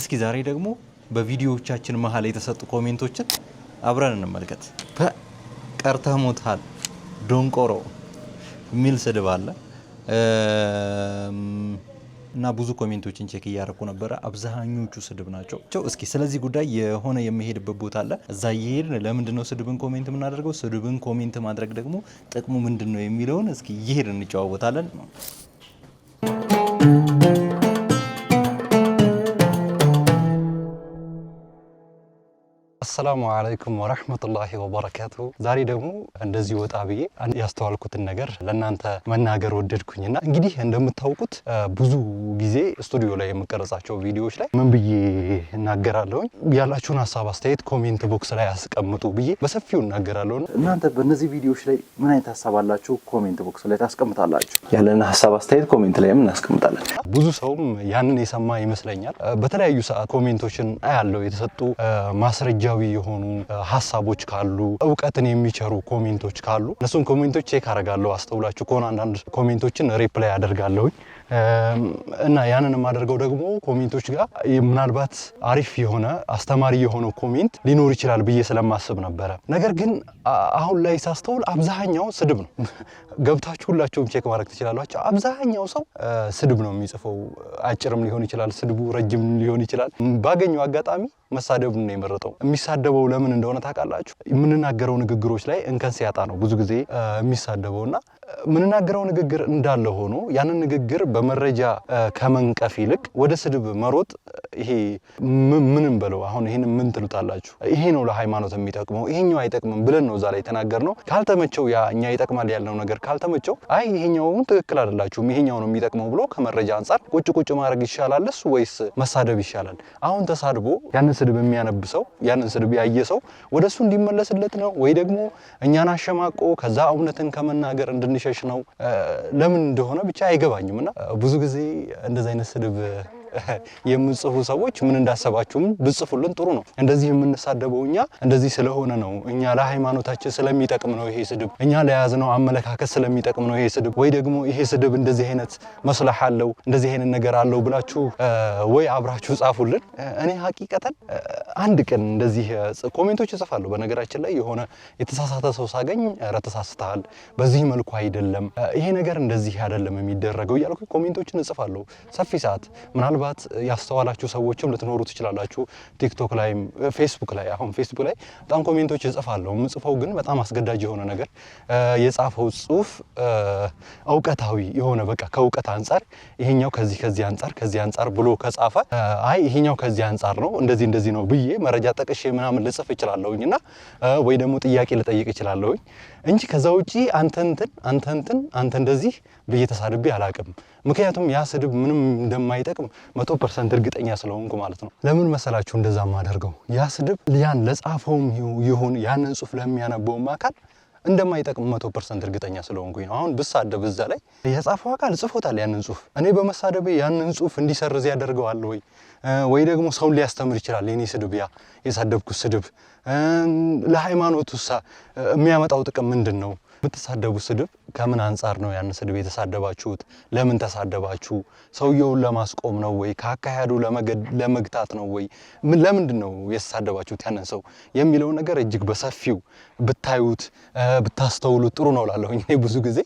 እስኪ ዛሬ ደግሞ በቪዲዮዎቻችን መሀል የተሰጡ ኮሜንቶችን አብረን እንመልከት። ቀርተህ ሞታል፣ ዶንቆሮ የሚል ስድብ አለ እና ብዙ ኮሜንቶችን ቼክ እያደረኩ ነበረ። አብዛኞቹ ስድብ ናቸው። እስኪ ስለዚህ ጉዳይ የሆነ የምሄድበት ቦታ አለ። እዛ እየሄድን ለምንድን ነው ስድብን ኮሜንት የምናደርገው? ስድብን ኮሜንት ማድረግ ደግሞ ጥቅሙ ምንድን ነው የሚለውን እስኪ እየሄድን እንጨዋወታለን። አሰላሙ አለይኩም ወረህመቱላሂ ወበረካቱ። ዛሬ ደግሞ እንደዚህ ወጣ ብዬ ያስተዋልኩትን ነገር ለእናንተ መናገር ወደድኩኝና እንግዲህ እንደምታውቁት ብዙ ጊዜ ስቱዲዮ ላይ የምቀረጻቸው ቪዲዮዎች ላይ ምን ብዬ እናገራለሁኝ ያላችሁን ሀሳብ፣ አስተያየት ኮሜንት ቦክስ ላይ አስቀምጡ ብዬ በሰፊው እናገራለሁ። እናንተ በእነዚህ ቪዲዮዎች ላይ ምን አይነት ሀሳብ አላችሁ? ኮሜንት ቦክስ ላይ ታስቀምጣላችሁ። ያለን ሀሳብ አስተያየት ኮሜንት ላይም እናስቀምጣላችሁ። ብዙ ሰውም ያንን የሰማ ይመስለኛል። በተለያዩ ሰዓት ኮሜንቶችን አያለው የተሰጡ ማስረጃ ሙያዊ የሆኑ ሀሳቦች ካሉ እውቀትን የሚቸሩ ኮሜንቶች ካሉ እነሱን ኮሜንቶች ቼክ አደርጋለሁ። አስተውላችሁ ከሆነ አንዳንድ ኮሜንቶችን ሪፕላይ አደርጋለሁኝ እና ያንን የማደርገው ደግሞ ኮሜንቶች ጋር ምናልባት አሪፍ የሆነ አስተማሪ የሆነ ኮሜንት ሊኖር ይችላል ብዬ ስለማስብ ነበረ። ነገር ግን አሁን ላይ ሳስተውል አብዛኛው ስድብ ነው። ገብታችሁ ሁላቸውም ቼክ ማድረግ ትችላላችሁ። አብዛኛው ሰው ስድብ ነው የሚጽፈው። አጭርም ሊሆን ይችላል ስድቡ፣ ረጅም ሊሆን ይችላል። ባገኘው አጋጣሚ መሳደቡን ነው የመረጠው። የሚሳደበው ለምን እንደሆነ ታውቃላችሁ? የምንናገረው ንግግሮች ላይ እንከን ሲያጣ ነው ብዙ ጊዜ የሚሳደበውና የምንናገረው ንግግር እንዳለ ሆኖ ያንን ንግግር በመረጃ ከመንቀፍ ይልቅ ወደ ስድብ መሮጥ ይሄ ምንም በለው አሁን ይህን ምን ትሉታላችሁ? ይሄ ነው ለሃይማኖት የሚጠቅመው ይሄኛው አይጠቅምም ብለን ነው እዛ ላይ ነው። ካልተመቸው ያ እኛ ይጠቅማል ያለው ነገር ካልተመቸው አይ ይሄኛውን ትክክል አይደላችሁም ይሄኛው ነው የሚጠቅመው ብሎ ከመረጃ አንጻር ቁጭ ቁጭ ማድረግ ይሻላል እሱ ወይስ መሳደብ ይሻላል? አሁን ተሳድቦ ያንን ስድብ የሚያነብ ሰው ያንን ስድብ ያየ ሰው ወደ እሱ እንዲመለስለት ነው ወይ ደግሞ እኛን አሸማቆ ከዛ እውነትን ከመናገር እንድንሸሽ ነው። ለምን እንደሆነ ብቻ አይገባኝም እና ብዙ ጊዜ እንደዚህ አይነት ስድብ የምንጽፉ ሰዎች ምን እንዳሰባችሁም ብጽፉልን ጥሩ ነው። እንደዚህ የምንሳደበው እኛ እንደዚህ ስለሆነ ነው። እኛ ለሃይማኖታችን ስለሚጠቅም ነው ይሄ ስድብ፣ እኛ ለያዝነው አመለካከት ስለሚጠቅም ነው ይሄ ስድብ፣ ወይ ደግሞ ይሄ ስድብ እንደዚህ አይነት መስላህ አለው እንደዚህ አይነት ነገር አለው ብላችሁ ወይ አብራችሁ ጻፉልን። እኔ ሀቂቀተን አንድ ቀን እንደዚህ ኮሜንቶች እጽፋለሁ። በነገራችን ላይ የሆነ የተሳሳተ ሰው ሳገኝ ረተሳስተሃል፣ በዚህ መልኩ አይደለም፣ ይሄ ነገር እንደዚህ አይደለም የሚደረገው እያልኩ ኮሜንቶችን እጽፋለሁ ሰፊ ሰዓት ምናልባት ምናልባት ያስተዋላችሁ ሰዎችም ልትኖሩ ትችላላችሁ። ቲክቶክ ላይ ፌስቡክ ላይ አሁን ፌስቡክ ላይ በጣም ኮሜንቶች እጽፋለሁ። የምጽፈው ግን በጣም አስገዳጅ የሆነ ነገር የጻፈው ጽሁፍ እውቀታዊ የሆነ በቃ ከእውቀት አንጻር ይሄኛው ከዚህ ከዚህ አንጻር ከዚህ አንጻር ብሎ ከጻፈ አይ ይሄኛው ከዚህ አንጻር ነው እንደዚህ እንደዚህ ነው ብዬ መረጃ ጠቅሼ ምናምን ልጽፍ እችላለሁኝ እና ወይ ደግሞ ጥያቄ ልጠይቅ እችላለሁኝ እንጂ ከዛ ውጪ አንተንትን አንተንትን አንተ እንደዚህ ብዬ ተሳድቤ አላቅም። ምክንያቱም ያ ስድብ ምንም እንደማይጠቅም መቶ ፐርሰንት እርግጠኛ ስለሆንኩ ማለት ነው። ለምን መሰላችሁ እንደዛ ማደርገው? ያ ስድብ ያን ለጻፈውም ይሁን ያንን ጽሁፍ ለሚያነበውም አካል እንደማይጠቅም መቶ ፐርሰንት እርግጠኛ ስለሆንኩኝ ነው። አሁን ብሳደብ እዛ ላይ የጻፈው አካል ጽፎታል ያንን ጽሁፍ፣ እኔ በመሳደቤ ያንን ጽሁፍ እንዲሰርዝ ያደርገዋል ወይ ወይ ደግሞ ሰውን ሊያስተምር ይችላል የኔ ስድብ፣ ያ የሳደብኩት ስድብ ለሃይማኖት ውሳ የሚያመጣው ጥቅም ምንድን ነው? የምትሳደቡት ስድብ ከምን አንጻር ነው? ያን ስድብ የተሳደባችሁት ለምን ተሳደባችሁ? ሰውየውን ለማስቆም ነው ወይ? ከአካሄዱ ለመግታት ነው ወይ? ለምንድን ነው የተሳደባችሁት ያንን ሰው የሚለውን ነገር እጅግ በሰፊው ብታዩት ብታስተውሉት ጥሩ ነው እላለሁኝ ብዙ ጊዜ